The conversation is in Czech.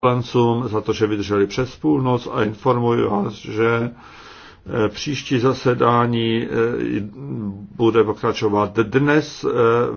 poslancům za to, že vydrželi přes půlnoc a informuji vás, že e, příští zasedání e, bude pokračovat dnes e,